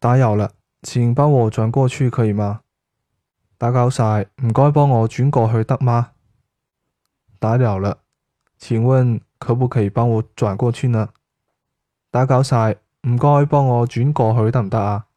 打擾啦，請幫我轉過去可以嗎？打攪晒，唔該幫我轉過去得嗎？打擾啦，請問可不可以幫我轉過去呢？打攪晒，唔該幫我轉過去得唔得啊？